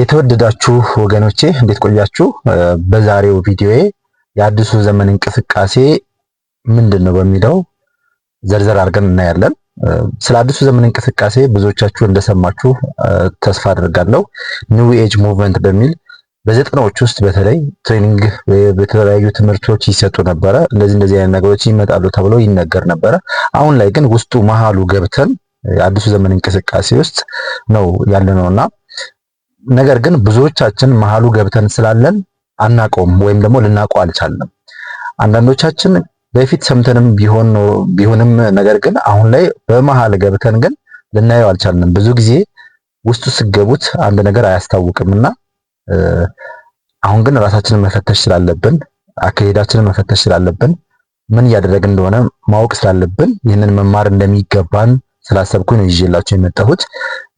የተወደዳችሁ ወገኖቼ እንዴት ቆያችሁ? በዛሬው ቪዲዮዬ የአዲሱ ዘመን እንቅስቃሴ ምንድን ነው በሚለው ዘርዘር አድርገን እናያለን። ስለ አዲሱ ዘመን እንቅስቃሴ ብዙዎቻችሁ እንደሰማችሁ ተስፋ አድርጋለሁ። ኒው ኤጅ ሙቭመንት በሚል በዘጠናዎች ውስጥ በተለይ ትሬኒንግ በተለያዩ ትምህርቶች ይሰጡ ነበረ። እንደዚህ እንደዚህ አይነት ነገሮች ይመጣሉ ተብሎ ይነገር ነበረ። አሁን ላይ ግን ውስጡ መሀሉ ገብተን የአዲሱ ዘመን እንቅስቃሴ ውስጥ ነው ያለነውና። ነገር ግን ብዙዎቻችን መሀሉ ገብተን ስላለን አናቀውም ወይም ደግሞ ልናቀው አልቻለም። አንዳንዶቻችን በፊት ሰምተንም ቢሆን ቢሆንም ነገር ግን አሁን ላይ በመሃል ገብተን ግን ልናየው አልቻልንም። ብዙ ጊዜ ውስጡ ስገቡት አንድ ነገር አያስታውቅም አሁን ግን ራሳችንን መፈተሽ ስላለብን አካሄዳችንን መፈተሽ ስላለብን ምን እያደረግን እንደሆነ ማወቅ ስላለብን ይህንን መማር እንደሚገባን ስላሰብኩኝ ነው ይዤላችሁ የመጣሁት።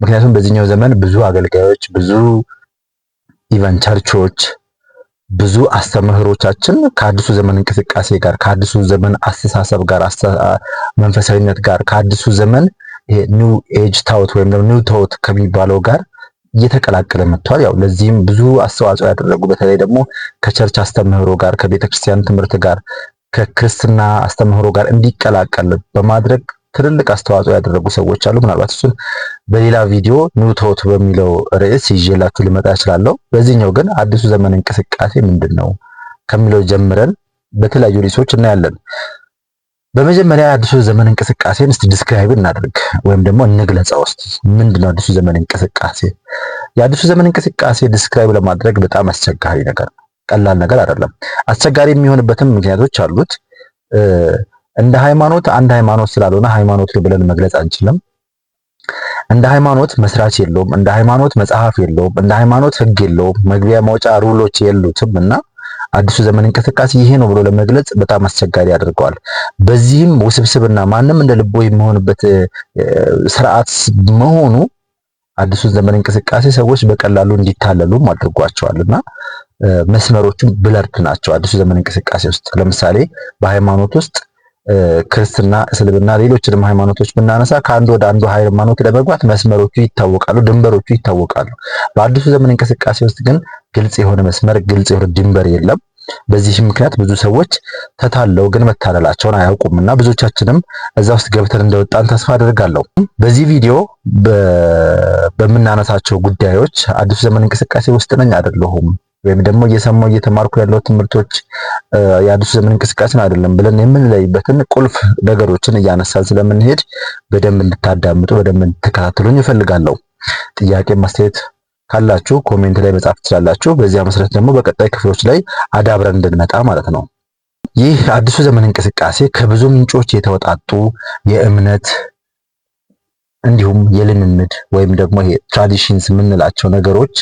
ምክንያቱም በዚህኛው ዘመን ብዙ አገልጋዮች፣ ብዙ ኢቫን ቸርቾች፣ ብዙ አስተምህሮቻችን ከአዲሱ ዘመን እንቅስቃሴ ጋር ከአዲሱ ዘመን አስተሳሰብ ጋር መንፈሳዊነት ጋር ከአዲሱ ዘመን ኒው ኤጅ ታውት ወይም ደግሞ ኒው ታውት ከሚባለው ጋር እየተቀላቀለ መጥቷል። ያው ለዚህም ብዙ አስተዋጽኦ ያደረጉ በተለይ ደግሞ ከቸርች አስተምህሮ ጋር ከቤተክርስቲያን ትምህርት ጋር ከክርስትና አስተምህሮ ጋር እንዲቀላቀል በማድረግ ትልልቅ አስተዋጽኦ ያደረጉ ሰዎች አሉ። ምናልባት እሱን በሌላ ቪዲዮ ኒውትሮት በሚለው ርዕስ ይዤላችሁ ልመጣ እችላለሁ። በዚህኛው ግን አዲሱ ዘመን እንቅስቃሴ ምንድን ነው ከሚለው ጀምረን በተለያዩ ርዕሶች እናያለን። በመጀመሪያ አዲሱ ዘመን እንቅስቃሴን እስቲ ዲስክራይብ እናድርግ ወይም ደግሞ እንግለጻ። ውስጥ ምንድን ነው አዲሱ ዘመን እንቅስቃሴ? የአዲሱ ዘመን እንቅስቃሴ ዲስክራይብ ለማድረግ በጣም አስቸጋሪ ነገር ነው። ቀላል ነገር አይደለም። አስቸጋሪ የሚሆንበትም ምክንያቶች አሉት። እንደ ሃይማኖት አንድ ሃይማኖት ስላልሆነ ሃይማኖት ብለን መግለጽ አንችልም። እንደ ሃይማኖት መስራች የለውም። እንደ ሃይማኖት መጽሐፍ የለውም። እንደ ሃይማኖት ህግ የለውም። መግቢያ መውጫ ሩሎች የሉትም እና አዲሱ ዘመን እንቅስቃሴ ይሄ ነው ብሎ ለመግለጽ በጣም አስቸጋሪ ያደርገዋል። በዚህም ውስብስብና ማንም እንደ ልቦ የሚሆንበት ስርዓት መሆኑ አዲሱን ዘመን እንቅስቃሴ ሰዎች በቀላሉ እንዲታለሉም አድርጓቸዋል እና መስመሮቹም ብለርድ ናቸው። አዲሱ ዘመን እንቅስቃሴ ውስጥ ለምሳሌ በሃይማኖት ውስጥ ክርስትና፣ እስልምና፣ ሌሎችንም ሃይማኖቶች ብናነሳ ከአንዱ ወደ አንዱ ሃይማኖት ለመግባት መስመሮቹ ይታወቃሉ፣ ድንበሮቹ ይታወቃሉ። በአዲሱ ዘመን እንቅስቃሴ ውስጥ ግን ግልጽ የሆነ መስመር፣ ግልጽ የሆነ ድንበር የለም። በዚህ ምክንያት ብዙ ሰዎች ተታለው ግን መታለላቸውን አያውቁም እና ብዙዎቻችንም እዛ ውስጥ ገብተን እንደወጣን ተስፋ አደርጋለሁ። በዚህ ቪዲዮ በምናነሳቸው ጉዳዮች አዲሱ ዘመን እንቅስቃሴ ውስጥ ነኝ አይደለሁም ወይም ደግሞ እየሰማው እየተማርኩ ያለው ትምህርቶች የአዲሱ ዘመን እንቅስቃሴን አይደለም ብለን የምንለይበትን ቁልፍ ነገሮችን እያነሳን ስለምንሄድ በደንብ እንድታዳምጡ በደንብ እንድትከታተሉኝ እፈልጋለሁ። ጥያቄ ማስተያየት ካላችሁ ኮሜንት ላይ መጻፍ ትችላላችሁ። በዚያ መሰረት ደግሞ በቀጣይ ክፍሎች ላይ አዳብረን እንድንመጣ ማለት ነው። ይህ አዲሱ ዘመን እንቅስቃሴ ከብዙ ምንጮች የተወጣጡ የእምነት እንዲሁም የልምምድ ወይም ደግሞ ይሄ ትራዲሽንስ የምንላቸው ነገሮች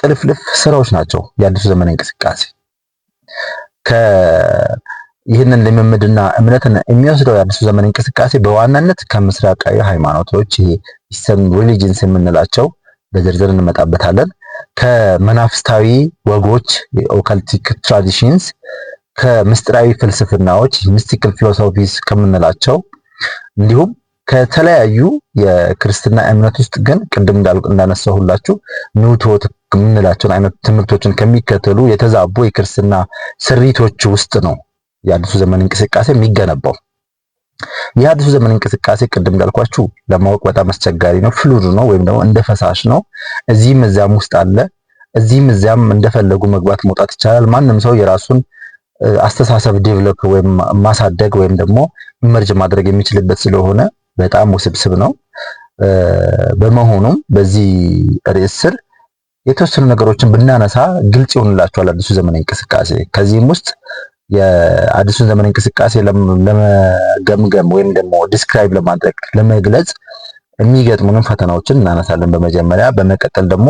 ጥልፍልፍ ስራዎች ናቸው። የአዲሱ ዘመን እንቅስቃሴ ይህንን ልምምድና እምነትን የሚወስደው የአዲሱ ዘመን እንቅስቃሴ በዋናነት ከምስራቃዊ ሃይማኖቶች ይሄ ኢስተርን ሪሊጅንስ የምንላቸው በዝርዝር እንመጣበታለን። ከመናፍስታዊ ወጎች ኦካልቲክ ትራዲሽንስ፣ ከምስጢራዊ ፍልስፍናዎች ሚስቲካል ፊሎሶፊስ ከምንላቸው እንዲሁም ከተለያዩ የክርስትና እምነት ውስጥ ግን ቅድም እንዳነሳሁላችሁ ኒውቶት የምንላቸውን አይነት ትምህርቶችን ከሚከተሉ የተዛቡ የክርስትና ስሪቶች ውስጥ ነው የአዲሱ ዘመን እንቅስቃሴ የሚገነባው። የአዲሱ ዘመን እንቅስቃሴ ቅድም እንዳልኳችሁ ለማወቅ በጣም አስቸጋሪ ነው። ፍሉድ ነው ወይም ደግሞ እንደ ፈሳሽ ነው። እዚህም እዚያም ውስጥ አለ። እዚህም እዚያም እንደፈለጉ መግባት መውጣት ይቻላል። ማንም ሰው የራሱን አስተሳሰብ ዴቨሎፕ ወይም ማሳደግ ወይም ደግሞ ኢመርጅ ማድረግ የሚችልበት ስለሆነ በጣም ውስብስብ ነው። በመሆኑም በዚህ ርዕስ ስር የተወሰኑ ነገሮችን ብናነሳ ግልጽ ይሆንላችኋል አዲሱ ዘመን እንቅስቃሴ ከዚህም ውስጥ የአዲሱን ዘመን እንቅስቃሴ ለመገምገም ወይም ደግሞ ዲስክራይብ ለማድረግ ለመግለጽ የሚገጥሙንም ፈተናዎችን እናነሳለን በመጀመሪያ። በመቀጠል ደግሞ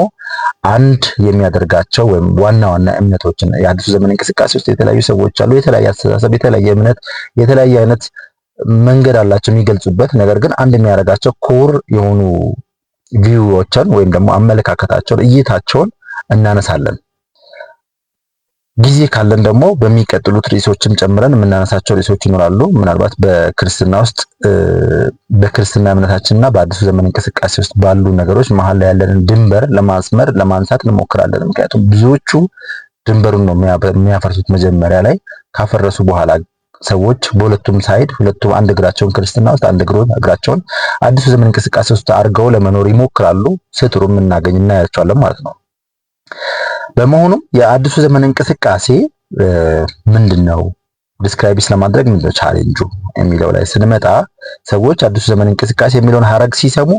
አንድ የሚያደርጋቸው ወይም ዋና ዋና እምነቶችን የአዲሱ ዘመን እንቅስቃሴ ውስጥ የተለያዩ ሰዎች አሉ። የተለያየ አስተሳሰብ፣ የተለያየ እምነት፣ የተለያየ አይነት መንገድ አላቸው የሚገልጹበት። ነገር ግን አንድ የሚያደርጋቸው ኮር የሆኑ ቪዎችን ወይም ደግሞ አመለካከታቸውን፣ እይታቸውን እናነሳለን። ጊዜ ካለን ደግሞ በሚቀጥሉት ርዕሶችም ጨምረን የምናነሳቸው ርዕሶች ይኖራሉ። ምናልባት በክርስትና ውስጥ በክርስትና እምነታችንና በአዲሱ ዘመን እንቅስቃሴ ውስጥ ባሉ ነገሮች መሀል ላይ ያለንን ድንበር ለማስመር ለማንሳት እንሞክራለን። ምክንያቱም ብዙዎቹ ድንበሩን ነው የሚያፈርሱት። መጀመሪያ ላይ ካፈረሱ በኋላ ሰዎች በሁለቱም ሳይድ ሁለቱም አንድ እግራቸውን ክርስትና ውስጥ አንድ እግራቸውን አዲሱ ዘመን እንቅስቃሴ ውስጥ አድርገው ለመኖር ይሞክራሉ። ሲጥሩ የምናገኝ እናያቸዋለን ማለት ነው። በመሆኑም የአዲሱ ዘመን እንቅስቃሴ ምንድን ነው ዲስክራይብስ ለማድረግ ምንድን ነው ቻሌንጁ የሚለው ላይ ስንመጣ ሰዎች አዲሱ ዘመን እንቅስቃሴ የሚለውን ሀረግ ሲሰሙ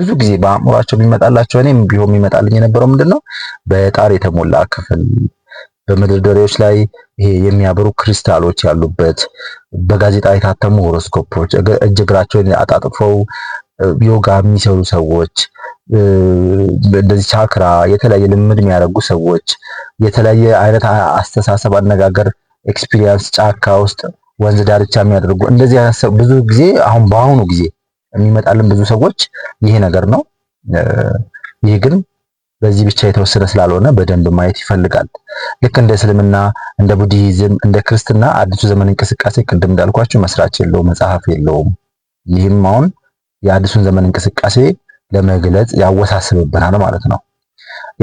ብዙ ጊዜ በአእምሯቸው የሚመጣላቸው እኔም ቢሆን የሚመጣልኝ የነበረው ምንድን ነው በጣር የተሞላ ክፍል በመደርደሪያዎች ላይ ይሄ የሚያበሩ ክሪስታሎች ያሉበት በጋዜጣ የታተሙ ሆሮስኮፖች እጅግራቸውን አጣጥፈው ዮጋ የሚሰሩ ሰዎች እንደዚህ ቻክራ የተለያየ ልምድ የሚያደርጉ ሰዎች የተለያየ አይነት አስተሳሰብ፣ አነጋገር፣ ኤክስፒሪየንስ ጫካ ውስጥ ወንዝ ዳርቻ የሚያደርጉ እንደዚህ ብዙ ጊዜ አሁን በአሁኑ ጊዜ የሚመጣልን ብዙ ሰዎች ይሄ ነገር ነው። ይህ ግን በዚህ ብቻ የተወሰነ ስላልሆነ በደንብ ማየት ይፈልጋል። ልክ እንደ እስልምና፣ እንደ ቡድሂዝም፣ እንደ ክርስትና አዲሱ ዘመን እንቅስቃሴ ቅድም እንዳልኳችሁ መስራች የለውም፣ መጽሐፍ የለውም። ይህም አሁን የአዲሱን ዘመን እንቅስቃሴ ለመግለጽ ያወሳስብብናል ማለት ነው።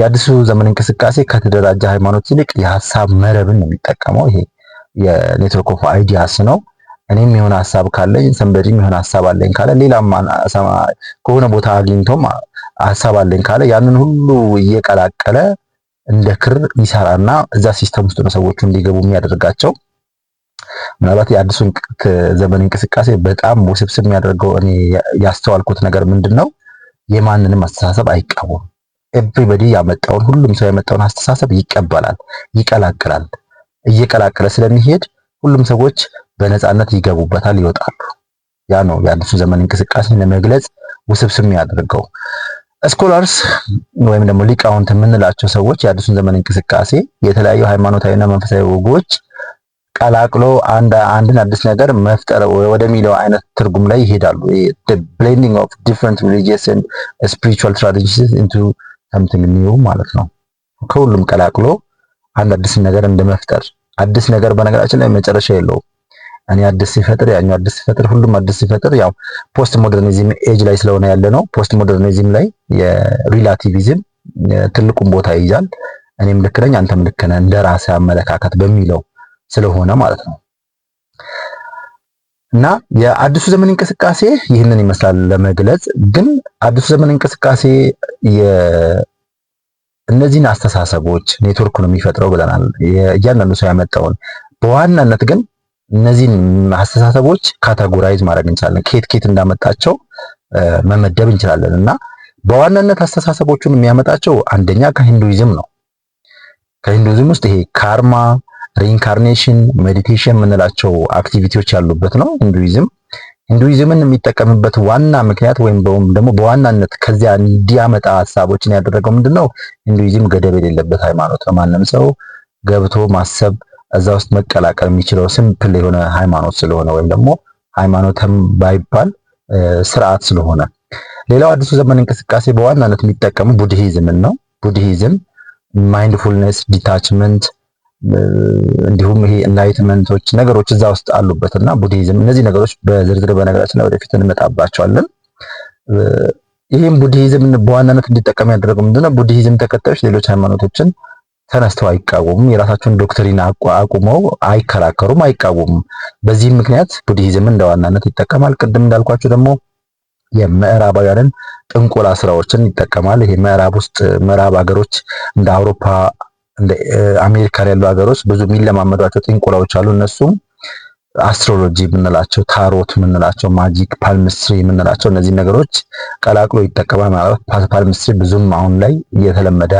የአዲሱ ዘመን እንቅስቃሴ ከተደራጀ ሃይማኖት ይልቅ የሀሳብ መረብን ነው የሚጠቀመው። ይሄ የኔትወርክ ኦፍ አይዲያስ ነው። እኔም የሆነ ሀሳብ ካለኝ ሰንበድም የሆነ ሀሳብ አለኝ ካለ ሌላም ከሆነ ቦታ አግኝቶም ሀሳብ አለኝ ካለ ያንን ሁሉ እየቀላቀለ እንደ ክር ይሰራና እዛ ሲስተም ውስጥ ነው ሰዎቹ እንዲገቡ የሚያደርጋቸው። ምናልባት የአዲሱን ዘመን እንቅስቃሴ በጣም ውስብስብ የሚያደርገው እኔ ያስተዋልኩት ነገር ምንድን ነው? የማንንም አስተሳሰብ አይቃወም። ኤቭሪበዲ ያመጣውን ሁሉም ሰው ያመጣውን አስተሳሰብ ይቀበላል፣ ይቀላቅላል። እየቀላቀለ ስለሚሄድ ሁሉም ሰዎች በነፃነት ይገቡበታል፣ ይወጣሉ። ያ ነው የአዲሱ ዘመን እንቅስቃሴ ለመግለጽ ውስብስብ ያደርገው። ስኮላርስ ወይም ደግሞ ሊቃውንት የምንላቸው ሰዎች የአዲሱን ዘመን እንቅስቃሴ የተለያዩ ሃይማኖታዊና መንፈሳዊ ወጎች ቀላቅሎ አንድን አዲስ ነገር መፍጠር ወደሚለው አይነት ትርጉም ላይ ይሄዳሉ። ብሌንዲንግ ኦፍ ዲፍረንት ሪሊጂየስ ኤንድ ስፒሪቹዋል ስትራቴጂስ ኢንቱ ሰምቲንግ ኒው ማለት ነው። ከሁሉም ቀላቅሎ አንድ አዲስ ነገር እንደመፍጠር። አዲስ ነገር በነገራችን ላይ መጨረሻ የለውም። እኔ አዲስ ሲፈጥር ያኛው አዲስ ሲፈጥር ሁሉም አዲስ ሲፈጥር፣ ያው ፖስት ሞደርኒዝም ኤጅ ላይ ስለሆነ ያለ ነው። ፖስት ሞደርኒዝም ላይ የሪላቲቪዝም ትልቁን ቦታ ይይዛል። እኔም ልክ ነኝ አንተም ልክ ነህ እንደ ራሴ አመለካከት በሚለው ስለሆነ ማለት ነው። እና የአዲሱ ዘመን እንቅስቃሴ ይህንን ይመስላል ለመግለጽ። ግን አዲሱ ዘመን እንቅስቃሴ እነዚህን አስተሳሰቦች ኔትወርክ ነው የሚፈጥረው ብለናል፣ እያንዳንዱ ሰው ያመጣውን። በዋናነት ግን እነዚህን አስተሳሰቦች ካታጎራይዝ ማድረግ እንችላለን፣ ኬት ኬት እንዳመጣቸው መመደብ እንችላለን። እና በዋናነት አስተሳሰቦቹን የሚያመጣቸው አንደኛ ከሂንዱይዝም ነው። ከሂንዱይዝም ውስጥ ይሄ ካርማ ሪኢንካርኔሽን ሜዲቴሽን የምንላቸው አክቲቪቲዎች ያሉበት ነው ሂንዱይዝም። ሂንዱይዝምን የሚጠቀምበት ዋና ምክንያት ወይም ደግሞ በዋናነት ከዚያ እንዲያመጣ ሀሳቦችን ያደረገው ምንድን ነው? ሂንዱይዝም ገደብ የሌለበት ሃይማኖት ነው። ማንም ሰው ገብቶ ማሰብ እዛ ውስጥ መቀላቀል የሚችለው ሲምፕል የሆነ ሃይማኖት ስለሆነ ወይም ደግሞ ሃይማኖትም ባይባል ስርዓት ስለሆነ። ሌላው አዲሱ ዘመን እንቅስቃሴ በዋናነት የሚጠቀሙ ቡድሂዝምን ነው። ቡድሂዝም ማይንድፉልነስ ዲታችመንት እንዲሁም ይሄ ኢንላይትመንቶች ነገሮች እዛ ውስጥ አሉበት እና እነዚህ ነገሮች በዝርዝር በነገራችን ላይ ወደፊት እንመጣባቸዋለን። ይህም ቡዲዝም በዋናነት እንዲጠቀም ያደረገው ምንድነው? ቡዲዝም ተከታዮች ሌሎች ሃይማኖቶችን ተነስተው አይቃወሙም። የራሳቸውን ዶክትሪን አቁመው አይከራከሩም፣ አይቃወሙም። በዚህም ምክንያት ቡዲዝም እንደ ዋናነት ይጠቀማል። ቅድም እንዳልኳቸው ደግሞ የምዕራባውያንን ጥንቆላ ስራዎችን ይጠቀማል። ይሄ ምዕራብ ውስጥ ምዕራብ ሀገሮች እንደ አውሮፓ አሜሪካ ያሉ ሀገሮች ብዙ የሚለማመዷቸው ጥንቆላዎች አሉ። እነሱም አስትሮሎጂ የምንላቸው፣ ታሮት የምንላቸው፣ ማጂክ ፓልምስትሪ የምንላቸው እነዚህ ነገሮች ቀላቅሎ ይጠቀማል ማለት ፓልምስትሪ ብዙም አሁን ላይ እየተለመደ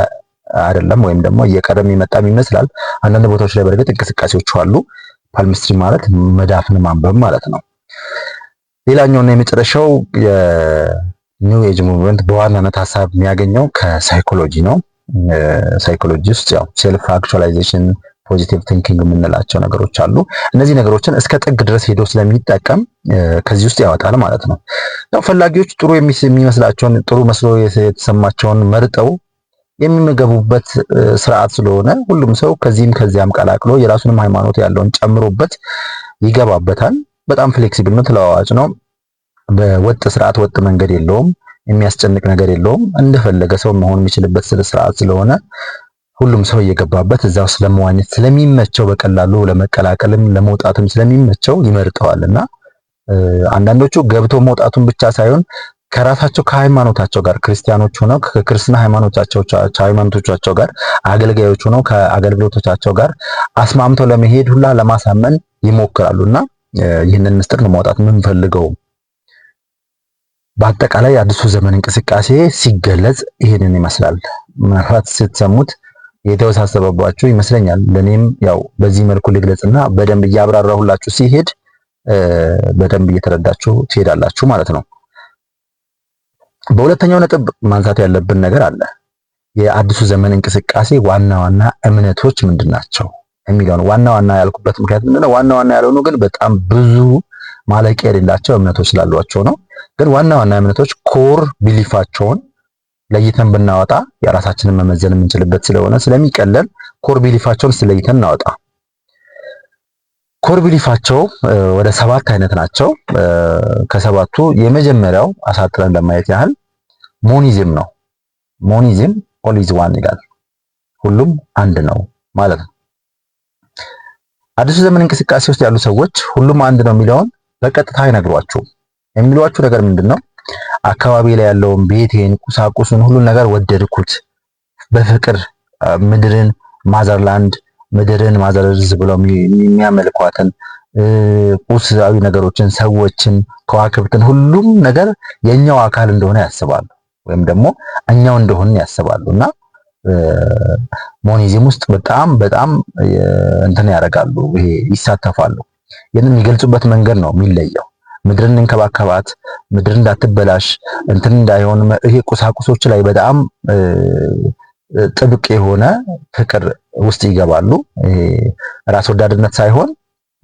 አይደለም፣ ወይም ደግሞ እየቀረም የመጣም ይመስላል። አንዳንድ ቦታዎች ላይ በእርግጥ እንቅስቃሴዎቹ አሉ። ፓልምስትሪ ማለት መዳፍን ማንበብ ማለት ነው። ሌላኛውና የመጨረሻው የኒው ኤጅ ሙቭመንት በዋናነት ሀሳብ የሚያገኘው ከሳይኮሎጂ ነው። ሳይኮሎጂ ውስጥ ያው ሴልፍ አክቹዋላይዜሽን ፖዚቲቭ ቲንኪንግ የምንላቸው ነገሮች አሉ። እነዚህ ነገሮችን እስከ ጥግ ድረስ ሄዶ ስለሚጠቀም ከዚህ ውስጥ ያወጣል ማለት ነው። ያው ፈላጊዎች ጥሩ የሚመስላቸውን ጥሩ መስሎ የተሰማቸውን መርጠው የሚመገቡበት ስርዓት ስለሆነ ሁሉም ሰው ከዚህም ከዚያም ቀላቅሎ የራሱንም ሃይማኖት ያለውን ጨምሮበት ይገባበታል። በጣም ፍሌክሲብል ነው፣ ተለዋዋጭ ነው። በወጥ ስርዓት ወጥ መንገድ የለውም። የሚያስጨንቅ ነገር የለውም። እንደፈለገ ሰው መሆን የሚችልበት ስርዓት ስለሆነ ሁሉም ሰው እየገባበት እዛ ውስጥ ለመዋኘት ስለሚመቸው በቀላሉ ለመቀላቀልም ለመውጣትም ስለሚመቸው ይመርጠዋል እና አንዳንዶቹ ገብቶ መውጣቱን ብቻ ሳይሆን ከራሳቸው ከሃይማኖታቸው ጋር ክርስቲያኖች ሆነው ከክርስትና ሃይማኖቶቻቸው ጋር አገልጋዮች ሆነው ከአገልግሎቶቻቸው ጋር አስማምተው ለመሄድ ሁላ ለማሳመን ይሞክራሉ እና ይህንን ምስጢር ነው ማውጣት በአጠቃላይ የአዲሱ ዘመን እንቅስቃሴ ሲገለጽ ይህንን ይመስላል። ምናልባት ስትሰሙት የተወሳሰበባችሁ ይመስለኛል። ለእኔም ያው በዚህ መልኩ ልግለጽና በደንብ እያብራራሁላችሁ ሲሄድ በደንብ እየተረዳችሁ ትሄዳላችሁ ማለት ነው። በሁለተኛው ነጥብ ማንሳት ያለብን ነገር አለ። የአዲሱ ዘመን እንቅስቃሴ ዋና ዋና እምነቶች ምንድን ናቸው የሚለውን ዋና ዋና ያልኩበት ምክንያት ምንድነው? ዋና ዋና ያልሆኑ ግን በጣም ብዙ ማለቂያ የሌላቸው እምነቶች ስላሏቸው ነው። ግን ዋና ዋና እምነቶች ኮር ቢሊፋቸውን ለይተን ብናወጣ የራሳችንን መመዘን የምንችልበት ስለሆነ ስለሚቀለል ኮር ቢሊፋቸውን ስለይተን እናወጣ። ኮር ቢሊፋቸው ወደ ሰባት አይነት ናቸው። ከሰባቱ የመጀመሪያው አሳጥረን ለማየት ያህል ሞኒዝም ነው። ሞኒዝም ኦሊዝ ዋን ይላል፣ ሁሉም አንድ ነው ማለት ነው። አዲሱ ዘመን እንቅስቃሴ ውስጥ ያሉ ሰዎች ሁሉም አንድ ነው የሚለውን በቀጥታ አይነግሯቸውም የሚሏችሁ ነገር ምንድን ነው? አካባቢ ላይ ያለውን ቤቴን፣ ቁሳቁሱን፣ ሁሉን ነገር ወደድኩት። በፍቅር ምድርን ማዘርላንድ ምድርን ማዘርዝ ብለው የሚያመልኳትን ቁሳዊ ነገሮችን፣ ሰዎችን፣ ከዋክብትን ሁሉም ነገር የኛው አካል እንደሆነ ያስባሉ ወይም ደግሞ እኛው እንደሆነ ያስባሉ እና ሞኒዝም ውስጥ በጣም በጣም እንትን ያደርጋሉ፣ ይሄ ይሳተፋሉ። ይህንን የሚገልጹበት መንገድ ነው የሚለየው። ምድርን እንከባከባት፣ ምድር እንዳትበላሽ እንትን እንዳይሆን፣ ይሄ ቁሳቁሶች ላይ በጣም ጥብቅ የሆነ ፍቅር ውስጥ ይገባሉ። ራስ ወዳድነት ሳይሆን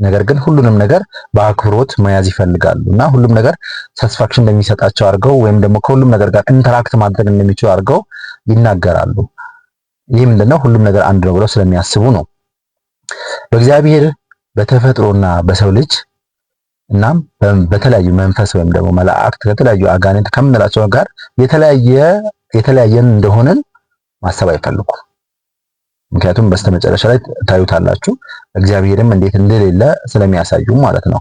ነገር ግን ሁሉንም ነገር በአክብሮት መያዝ ይፈልጋሉ እና ሁሉም ነገር ሳትስፋክሽን እንደሚሰጣቸው አድርገው ወይም ደግሞ ከሁሉም ነገር ጋር ኢንተራክት ማድረግ እንደሚችሉ አድርገው ይናገራሉ። ይህ ምንድነው? ሁሉም ነገር አንድ ነው ብለው ስለሚያስቡ ነው። በእግዚአብሔር በተፈጥሮና በሰው ልጅ እናም በተለያዩ መንፈስ ወይም ደግሞ መላእክት ከተለያዩ አጋንንት ከምንላቸው ጋር የተለያየ የተለያየን እንደሆነን ማሰብ አይፈልጉም። ምክንያቱም በስተመጨረሻ ላይ ታዩታላችሁ እግዚአብሔርም እንዴት እንደሌለ ስለሚያሳዩ ማለት ነው።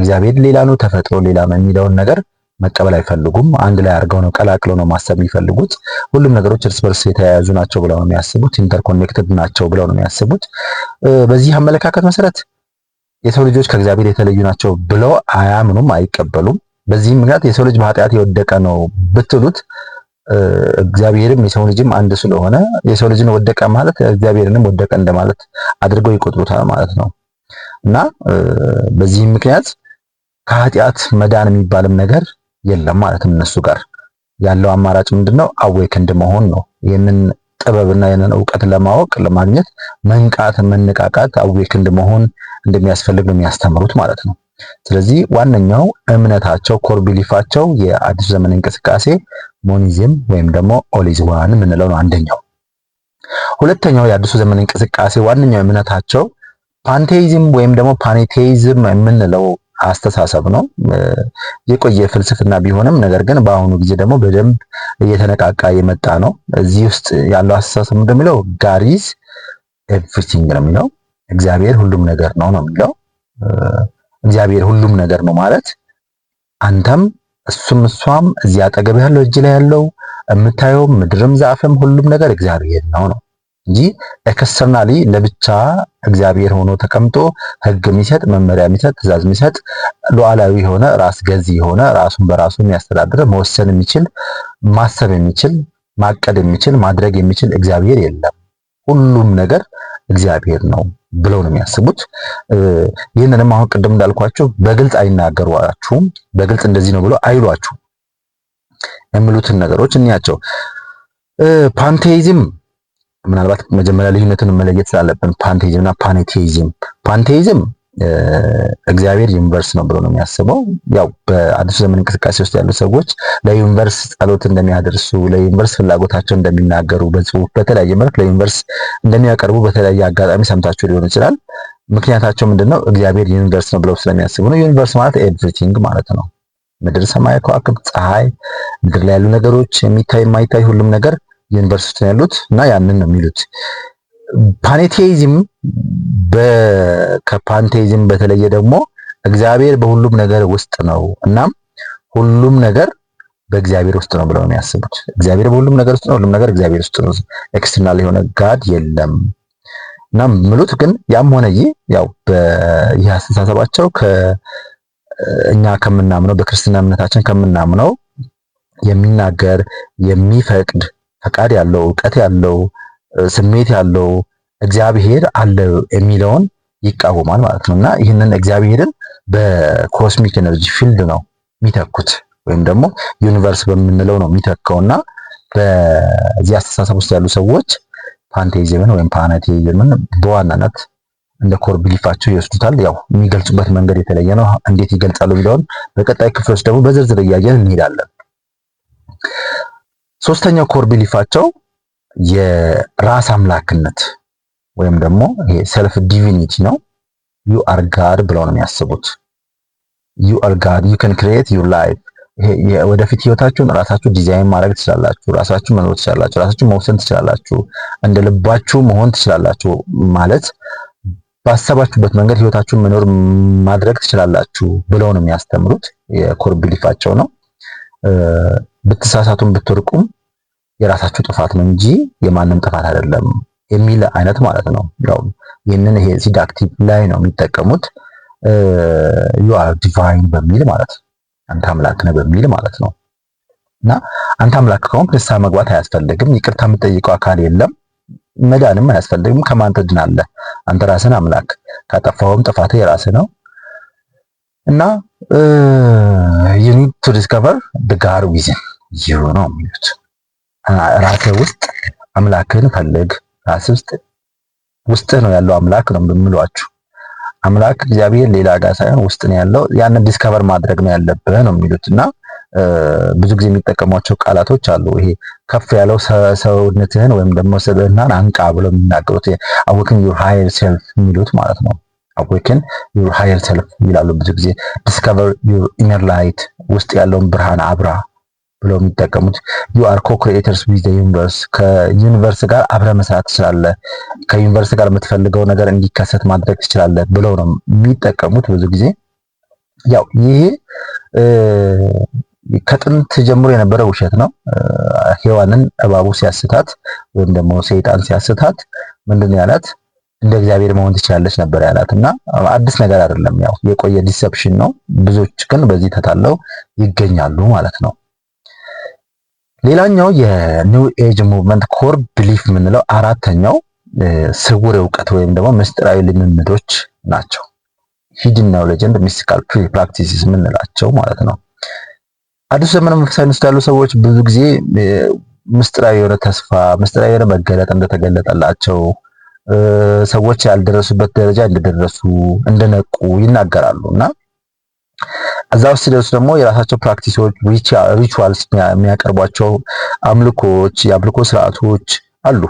እግዚአብሔር ሌላ ነው፣ ተፈጥሮ ሌላ ነው የሚለውን ነገር መቀበል አይፈልጉም። አንድ ላይ አድርገው ነው ቀላቅለው ነው ማሰብ የሚፈልጉት። ሁሉም ነገሮች እርስ በርስ የተያያዙ ናቸው ብለው ነው የሚያስቡት። ኢንተርኮኔክትድ ናቸው ብለው ነው የሚያስቡት። በዚህ አመለካከት መሰረት የሰው ልጆች ከእግዚአብሔር የተለዩ ናቸው ብለው አያምኑም፣ አይቀበሉም። በዚህም ምክንያት የሰው ልጅ በኃጢአት የወደቀ ነው ብትሉት እግዚአብሔርም የሰው ልጅም አንድ ስለሆነ የሰው ልጅን ወደቀ ማለት እግዚአብሔርንም ወደቀ እንደማለት አድርገው ይቆጥሩታል ማለት ነው እና በዚህም ምክንያት ከኃጢአት መዳን የሚባልም ነገር የለም ማለት ነው። እነሱ ጋር ያለው አማራጭ ምንድነው አዌክንድ መሆን ነው። ይህንን ጥበብና ይህንን እውቀት ለማወቅ ለማግኘት መንቃት፣ መነቃቃት፣ አዌክንድ መሆን እንደሚያስፈልግ ነው የሚያስተምሩት ማለት ነው። ስለዚህ ዋነኛው እምነታቸው ኮር ቢሊፋቸው የአዲሱ ዘመን እንቅስቃሴ ሞኒዝም ወይም ደግሞ ኦሊዝዋን የምንለው ነው አንደኛው። ሁለተኛው የአዲሱ ዘመን እንቅስቃሴ ዋነኛው እምነታቸው ፓንቴይዝም ወይም ደግሞ ፓኔቴይዝም የምንለው አስተሳሰብ ነው። የቆየ ፍልስፍና ቢሆንም ነገር ግን በአሁኑ ጊዜ ደግሞ በደንብ እየተነቃቃ የመጣ ነው። እዚህ ውስጥ ያለው አስተሳሰብ እንደሚለው ጋሪዝ ኤቭሪቲንግ ነው የሚለው እግዚአብሔር ሁሉም ነገር ነው ነው የሚለው እግዚአብሔር ሁሉም ነገር ነው ማለት አንተም እሱም እሷም እዚህ አጠገብ ያለው እጅ ላይ ያለው የምታየው ምድርም ዛፍም ሁሉም ነገር እግዚአብሔር ነው ነው እንጂ ለክስርና ላይ ለብቻ እግዚአብሔር ሆኖ ተቀምጦ ህግ የሚሰጥ መመሪያ የሚሰጥ ትእዛዝ የሚሰጥ ሉዓላዊ የሆነ ራስ ገዚ የሆነ ራሱን በራሱ የሚያስተዳድር መወሰን የሚችል ማሰብ የሚችል ማቀድ የሚችል ማድረግ የሚችል እግዚአብሔር የለም። ሁሉም ነገር እግዚአብሔር ነው ብለው ነው የሚያስቡት። ይህንንም አሁን ቅድም እንዳልኳችሁ በግልጽ አይናገሯችሁም። በግልጽ እንደዚህ ነው ብሎ አይሏችሁም። የሚሉትን ነገሮች እንያቸው። ፓንቴይዝም ምናልባት መጀመሪያ ልዩነቱን መለየት ስላለብን ፓንቴዝም እና ፓኔቴይዝም ፓንቴዝም እግዚአብሔር ዩኒቨርስ ነው ብሎ ነው የሚያስበው። ያው በአዲሱ ዘመን እንቅስቃሴ ውስጥ ያሉ ሰዎች ለዩኒቨርስ ጸሎት እንደሚያደርሱ፣ ለዩኒቨርስ ፍላጎታቸው እንደሚናገሩ በጽሁፍ በተለያየ መልክ ለዩኒቨርስ እንደሚያቀርቡ በተለያየ አጋጣሚ ሰምታችሁ ሊሆን ይችላል። ምክንያታቸው ምንድን ነው? እግዚአብሔር ዩኒቨርስ ነው ብለው ስለሚያስቡ ነው። ዩኒቨርስ ማለት ኤቭሪቲንግ ማለት ነው። ምድር፣ ሰማይ፣ ከዋክብት፣ ፀሐይ፣ ምድር ላይ ያሉ ነገሮች፣ የሚታይ የማይታይ ሁሉም ነገር ዩኒቨርሲቲ ያሉት እና ያንን ነው የሚሉት። ፓኔቴይዝም ከፓንቴይዝም በተለየ ደግሞ እግዚአብሔር በሁሉም ነገር ውስጥ ነው እናም ሁሉም ነገር በእግዚአብሔር ውስጥ ነው ብለው ነው ያስቡት። እግዚአብሔር በሁሉም ነገር ውስጥ ነው፣ ሁሉም ነገር እግዚአብሔር ውስጥ ነው። ኤክስተርናል የሆነ ጋድ የለም እና ምሉት ግን ያም ሆነ ይህ ያው ይህ አስተሳሰባቸው እኛ ከምናምነው በክርስትና እምነታችን ከምናምነው የሚናገር የሚፈቅድ ፈቃድ ያለው እውቀት ያለው ስሜት ያለው እግዚአብሔር አለ የሚለውን ይቃወማል ማለት ነው እና ይህንን እግዚአብሔርን በኮስሚክ ኤነርጂ ፊልድ ነው የሚተኩት ወይም ደግሞ ዩኒቨርስ በምንለው ነው የሚተካው እና በዚህ አስተሳሰብ ውስጥ ያሉ ሰዎች ፓንቴዝምን ወይም ፓናቴዝምን በዋናነት እንደ ኮር ቢሊፋቸው ይወስዱታል። ያው የሚገልጹበት መንገድ የተለየ ነው። እንዴት ይገልጻሉ የሚለውን በቀጣይ ክፍሎች ደግሞ በዝርዝር እያየን እንሄዳለን። ሶስተኛው ኮር ቢሊፋቸው የራስ አምላክነት ወይም ደግሞ ይሄ ሰልፍ ዲቪኒቲ ነው። ዩ አር ጋድ ብለው ነው የሚያስቡት። ዩ አር ጋድ ዩ ካን ክሬት ዩር ላይፍ። ወደፊት ህይወታችሁን ራሳችሁ ዲዛይን ማድረግ ትችላላችሁ፣ ራሳችሁ መኖር ትችላላችሁ፣ ራሳችሁ መውሰን ትችላላችሁ፣ እንደ ልባችሁ መሆን ትችላላችሁ። ማለት ባሰባችሁበት መንገድ ህይወታችሁን መኖር ማድረግ ትችላላችሁ ብለው ነው የሚያስተምሩት። የኮር ቢሊፋቸው ነው። ብትሳሳቱም ብትርቁም የራሳችሁ ጥፋት ነው እንጂ የማንም ጥፋት አይደለም የሚል አይነት ማለት ነው። ያው ይህንን ይሄ ሲዳክቲቭ ላይ ነው የሚጠቀሙት ዩ አር ዲቫይን በሚል ማለት አንተ አምላክ ነህ በሚል ማለት ነው። እና አንተ አምላክ ከሆንክ ንስሐ መግባት አያስፈልግም። ይቅርታ የምጠይቀው አካል የለም። መዳንም አያስፈልግም። ከማን ትድናለህ? አንተ ራስን አምላክ። ካጠፋውም ጥፋትህ የራስህ ነው እና ዩ ኒድ ቱ ዲስከቨር ጋድ ዊዝን ዩ ነው የሚሉት። ራስህ ውስጥ አምላክህን ፈልግ። ራስህ ውስጥ ውስጥህ ነው ያለው አምላክ ነው የምሏችሁ። አምላክ እግዚአብሔር ሌላ ጋር ሳይሆን ውስጥ ነው ያለው። ያንን ዲስከቨር ማድረግ ነው ያለብህ ነው የሚሉት እና ብዙ ጊዜ የሚጠቀሟቸው ቃላቶች አሉ። ይሄ ከፍ ያለው ሰውነትህን ወይም ደግሞ ስብዕናን አንቃ ብለው የሚናገሩት አወክን ዩ ሃየር ሴልፍ የሚሉት ማለት ነው። አዌክን ዩር ሃየር ሰልፍ ይላሉ። ብዙ ጊዜ ዲስከቨር ዩር ኢነር ላይት ውስጥ ያለውን ብርሃን አብራ ብለው የሚጠቀሙት ዩ አር ኮ ክሪኤተርስ ዊዝ ዩኒቨርስ ከዩኒቨርስ ጋር አብረ መስራት ትችላለህ፣ ከዩኒቨርስ ጋር የምትፈልገው ነገር እንዲከሰት ማድረግ ትችላለህ ብለው ነው የሚጠቀሙት ብዙ ጊዜ። ያው ይሄ ከጥንት ጀምሮ የነበረ ውሸት ነው። ሔዋንን እባቡ ሲያስታት ወይም ደግሞ ሰይጣን ሲያስታት ምንድን ያላት እንደ እግዚአብሔር መሆን ትችላለች ነበር ያላት እና አዲስ ነገር አይደለም። ያው የቆየ ዲሰፕሽን ነው። ብዙዎች ግን በዚህ ተታለው ይገኛሉ ማለት ነው። ሌላኛው የኒው ኤጅ ሙቭመንት ኮር ብሊፍ የምንለው አራተኛው ስውር እውቀት ወይም ደግሞ ምስጢራዊ ልምምዶች ናቸው። ሂድን ናውሌጅ ሚስቲካል ፕራክቲሲስ የምንላቸው ማለት ነው። አዲሱ ዘመን መንፈሳዊ ውስጥ ያሉ ሰዎች ብዙ ጊዜ ምስጢራዊ የሆነ ተስፋ፣ ምስጢራዊ የሆነ መገለጥ እንደተገለጠላቸው ሰዎች ያልደረሱበት ደረጃ እንደደረሱ እንደነቁ ይናገራሉ እና እዛ ውስጥ ሲደርሱ ደግሞ የራሳቸው ፕራክቲሶች፣ ሪቹዋልስ የሚያቀርቧቸው አምልኮች፣ የአምልኮ ስርዓቶች አሉ።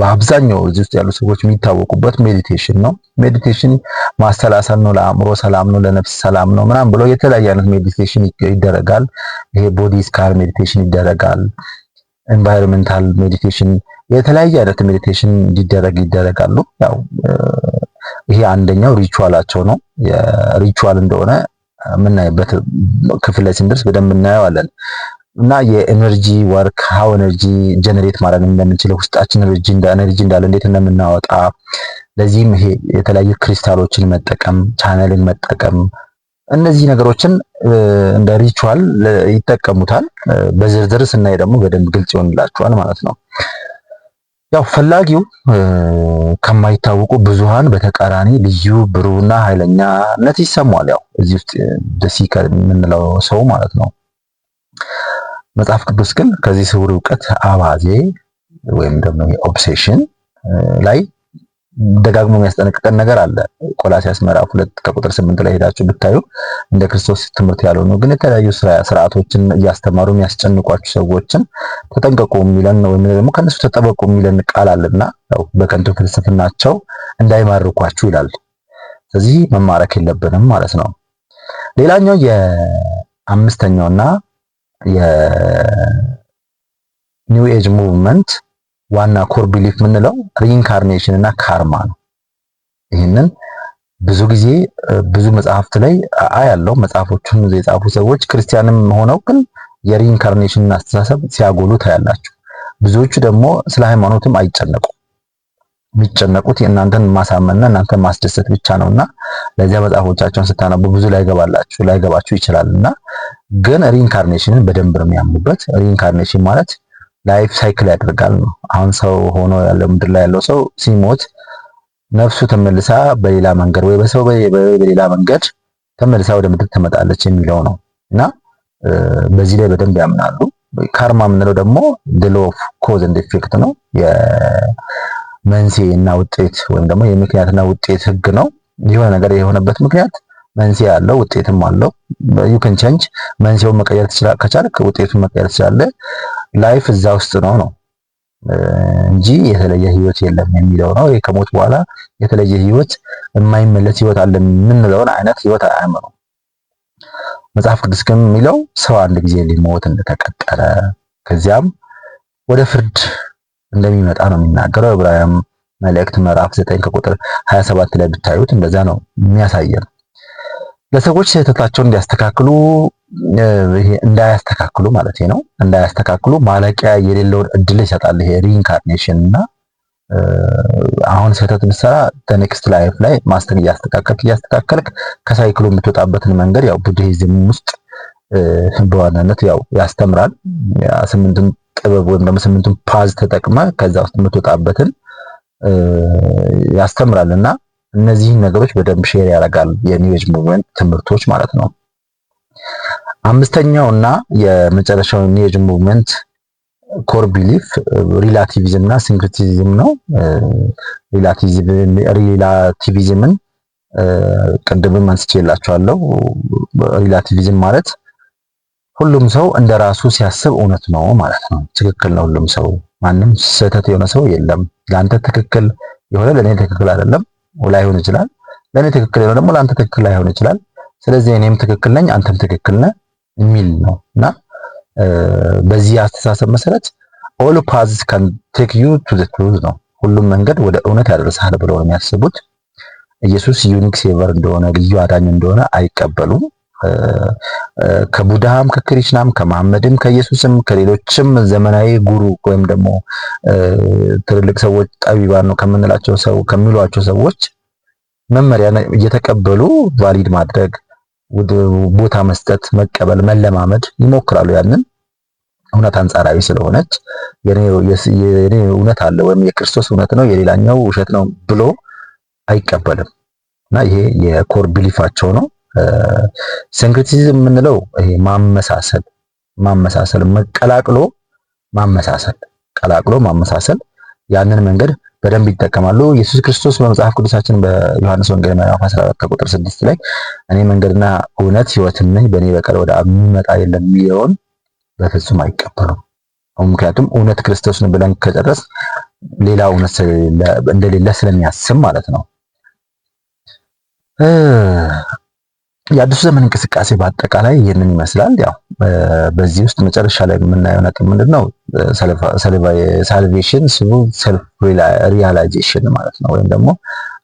በአብዛኛው እዚህ ውስጥ ያሉ ሰዎች የሚታወቁበት ሜዲቴሽን ነው። ሜዲቴሽን ማሰላሰል ነው፣ ለአእምሮ ሰላም ነው፣ ለነፍስ ሰላም ነው ምናምን ብሎ የተለያየ አይነት ሜዲቴሽን ይደረጋል። ይሄ ቦዲ ስካር ሜዲቴሽን ይደረጋል። ኤንቫይሮንሜንታል ሜዲቴሽን የተለያየ አይነት ሜዲቴሽን እንዲደረግ ይደረጋሉ። ያው ይሄ አንደኛው ሪቹዋላቸው ነው። የሪቹዋል እንደሆነ የምናይበት ክፍል ላይ ስንደርስ በደንብ እናየዋለን። እና የኤነርጂ ወርክ ሀው ኤነርጂ ጀነሬት ማድረግ እንደምንችል ውስጣችን ኤነርጂ እንዳለ እንዴት እንደምናወጣ ለዚህም ይሄ የተለያዩ ክሪስታሎችን መጠቀም ቻነልን መጠቀም እነዚህ ነገሮችን እንደ ሪቹዋል ይጠቀሙታል። በዝርዝር ስናይ ደግሞ በደንብ ግልጽ ይሆንላችኋል ማለት ነው። ያው ፈላጊው ከማይታወቁ ብዙሃን በተቃራኒ ልዩ ብሩህና ኃይለኛነት ይሰማል። ያው እዚህ ውስጥ ደሲ የምንለው ሰው ማለት ነው። መጽሐፍ ቅዱስ ግን ከዚህ ስውር እውቀት አባዜ ወይም ደግሞ ኦብሴሽን ላይ ደጋግሞ የሚያስጠነቅቀን ነገር አለ። ቆላሲያስ ምዕራፍ ሁለት ከቁጥር ስምንት ላይ ሄዳችሁ ብታዩ እንደ ክርስቶስ ትምህርት ያልሆኑ ግን የተለያዩ ስርዓቶችን እያስተማሩ የሚያስጨንቋችሁ ሰዎችን ተጠንቀቁ የሚለን ወይም ደግሞ ከእነሱ ተጠበቁ የሚለን ቃል አለና በከንቱ ፍልስፍናቸው እንዳይማርኳችሁ ይላል። ስለዚህ መማረክ የለብንም ማለት ነው። ሌላኛው የአምስተኛውና የኒው ኤጅ ሙቭመንት ዋና ኮር ቢሊፍ የምንለው ሪኢንካርኔሽን እና ካርማ ነው። ይህንን ብዙ ጊዜ ብዙ መጽሐፍት ላይ አያለው። መጽሐፎቹን የጻፉ ሰዎች ክርስቲያንም ሆነው ግን የሪኢንካርኔሽንን አስተሳሰብ ሲያጎሉ ታያላችሁ። ብዙዎቹ ደግሞ ስለ ሃይማኖትም አይጨነቁ የሚጨነቁት እናንተን ማሳመንና እናንተን ማስደሰት ብቻ ነውና ለዚያ መጽሐፎቻቸውን ስታነቡ ብዙ ላይገባላችሁ ላይገባችሁ ይችላል እና ግን ሪኢንካርኔሽንን በደንብ ነው የሚያምኑበት። ሪኢንካርኔሽን ማለት ላይፍ ሳይክል ያደርጋል ነው። አሁን ሰው ሆኖ ያለው ምድር ላይ ያለው ሰው ሲሞት ነፍሱ ተመልሳ በሌላ መንገድ ወይ በሰው በሌላ መንገድ ተመልሳ ወደ ምድር ትመጣለች የሚለው ነው እና በዚህ ላይ በደንብ ያምናሉ። ካርማ የምንለው ደግሞ ሎው ኦፍ ኮዝ ኤንድ ኢፌክት ነው። የመንስኤ እና ውጤት ወይም ደግሞ የምክንያትና ውጤት ህግ ነው። የሆነ ነገር የሆነበት ምክንያት መንስኤ አለው ውጤትም አለው። ዩ ካን ቼንጅ መንስኤውን መቀየር ትችላለህ፣ ከቻልክ ውጤቱን መቀየር ትችላለህ። ላይፍ እዛ ውስጥ ነው ነው እንጂ የተለየ ህይወት የለም የሚለው ነው። ይሄ ከሞት በኋላ የተለየ ህይወት የማይመለስ ህይወት አለ የምንለውን አይነት ህይወት አያምኑ። መጽሐፍ ቅዱስ ግን የሚለው ሰው አንድ ጊዜ ሊሞት እንደተቀጠረ ከዚያም ወደ ፍርድ እንደሚመጣ ነው የሚናገረው። ዕብራውያን መልእክት ምዕራፍ 9 ከቁጥር 27 ላይ ብታዩት እንደዛ ነው የሚያሳየን። ለሰዎች ስህተታቸውን እንዲያስተካክሉ እንዳያስተካክሉ ማለት ነው እንዳያስተካክሉ ማለቂያ የሌለውን እድል ይሰጣል። ይሄ ሪኢንካርኔሽን እና አሁን ስህተት ብትሰራ ተኔክስት ላይፍ ላይ ማስተግ እያስተካከልክ እያስተካከልክ ከሳይክሉ የምትወጣበትን መንገድ ያው ቡድሂዝም ውስጥ በዋናነት ያው ያስተምራል። ስምንቱን ጥበብ ወይም ደግሞ ስምንቱን ፓዝ ተጠቅመ ከዛ ውስጥ የምትወጣበትን ያስተምራል እና እነዚህን ነገሮች በደንብ ሼር ያደርጋል የኒው ኤጅ ሙቭመንት ትምህርቶች ማለት ነው። አምስተኛው እና የመጨረሻው ኒው ኤጅ ሙቭመንት ኮር ቢሊፍ ሪላቲቪዝም እና ሲንክሪቲዝም ነው። ሪላቲቪዝምን ቅድምም አንስቼላችኋለሁ። ሪላቲቪዝም ማለት ሁሉም ሰው እንደ ራሱ ሲያስብ እውነት ነው ማለት ነው። ትክክል ነው ሁሉም ሰው፣ ማንም ስህተት የሆነ ሰው የለም። ለአንተ ትክክል የሆነ ለእኔ ትክክል አይደለም። ላይሆን ይችላል። ለእኔ ትክክል ነው ደግሞ ለአንተ ትክክል ላይሆን ይችላል። ስለዚህ እኔም ትክክል ነኝ አንተም ትክክል ነህ የሚል ነው እና በዚህ አስተሳሰብ መሰረት ኦል ፓዝስ ካን ቴክ ዩ ቱ ዘ ትሩዝ ነው። ሁሉም መንገድ ወደ እውነት ያደርሳል ብለው ነው የሚያስቡት። ኢየሱስ ዩኒክ ሴቨር እንደሆነ ልዩ አዳኝ እንደሆነ አይቀበሉም። ከቡድሃም ከክሪሽናም ከመሐመድም ከኢየሱስም ከሌሎችም ዘመናዊ ጉሩ ወይም ደግሞ ትልልቅ ሰዎች ጠቢባን ነው ከምንላቸው ሰው ከሚሏቸው ሰዎች መመሪያ እየተቀበሉ ቫሊድ ማድረግ ቦታ መስጠት፣ መቀበል፣ መለማመድ ይሞክራሉ። ያንን እውነት አንጻራዊ ስለሆነች የኔ እውነት አለ ወይም የክርስቶስ እውነት ነው የሌላኛው ውሸት ነው ብሎ አይቀበልም እና ይሄ የኮር ቢሊፋቸው ነው። ሲንክሪቲዝም የምንለው ይሄ ማመሳሰል ማመሳሰል መቀላቅሎ ማመሳሰል ቀላቅሎ ማመሳሰል ያንን መንገድ በደንብ ይጠቀማሉ። ኢየሱስ ክርስቶስ በመጽሐፍ ቅዱሳችን በዮሐንስ ወንጌል ምዕራፍ 14 ከቁጥር 6 ላይ እኔ መንገድና እውነት ሕይወትም ነኝ በእኔ በቀር ወደ አብ የሚመጣ የለም የሚለውን በፍጹም አይቀበሉም። ምክንያቱም እውነት ክርስቶስን ብለን ከጨረስ ሌላ እውነት እንደሌለ ስለሚያስብ ማለት ነው። የአዲሱ ዘመን እንቅስቃሴ በአጠቃላይ ይህንን ይመስላል። ያው በዚህ ውስጥ መጨረሻ ላይ የምናየው ነጥብ ምንድን ነው? ሳልቬሽን ሲሉ ሰልፍ ሪያላይዜሽን ማለት ነው። ወይም ደግሞ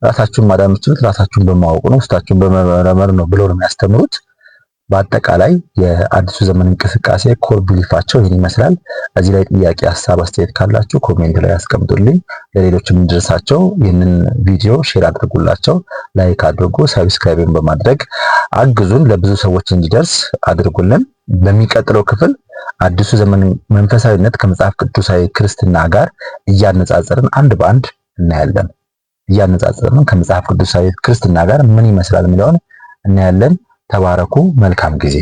ራሳችሁን ማዳን የምትችሉት ራሳችሁን በማወቁ ነው፣ ውስጣችሁን በመመረመር ነው ብሎ ነው የሚያስተምሩት። በአጠቃላይ የአዲሱ ዘመን እንቅስቃሴ ኮር ቢሊፋቸው ይህን ይመስላል። እዚህ ላይ ጥያቄ፣ ሀሳብ፣ አስተያየት ካላችሁ ኮሜንት ላይ አስቀምጡልኝ። ለሌሎች እንድረሳቸው ይህንን ቪዲዮ ሼር አድርጉላቸው፣ ላይክ አድርጉ፣ ሰብስክራይብን በማድረግ አግዙን። ለብዙ ሰዎች እንዲደርስ አድርጉልን። በሚቀጥለው ክፍል አዲሱ ዘመን መንፈሳዊነት ከመጽሐፍ ቅዱሳዊ ክርስትና ጋር እያነጻጸርን አንድ በአንድ እናያለን። እያነጻጸርን ከመጽሐፍ ቅዱሳዊ ክርስትና ጋር ምን ይመስላል የሚለውን እናያለን። ተባረኩ። መልካም ጊዜ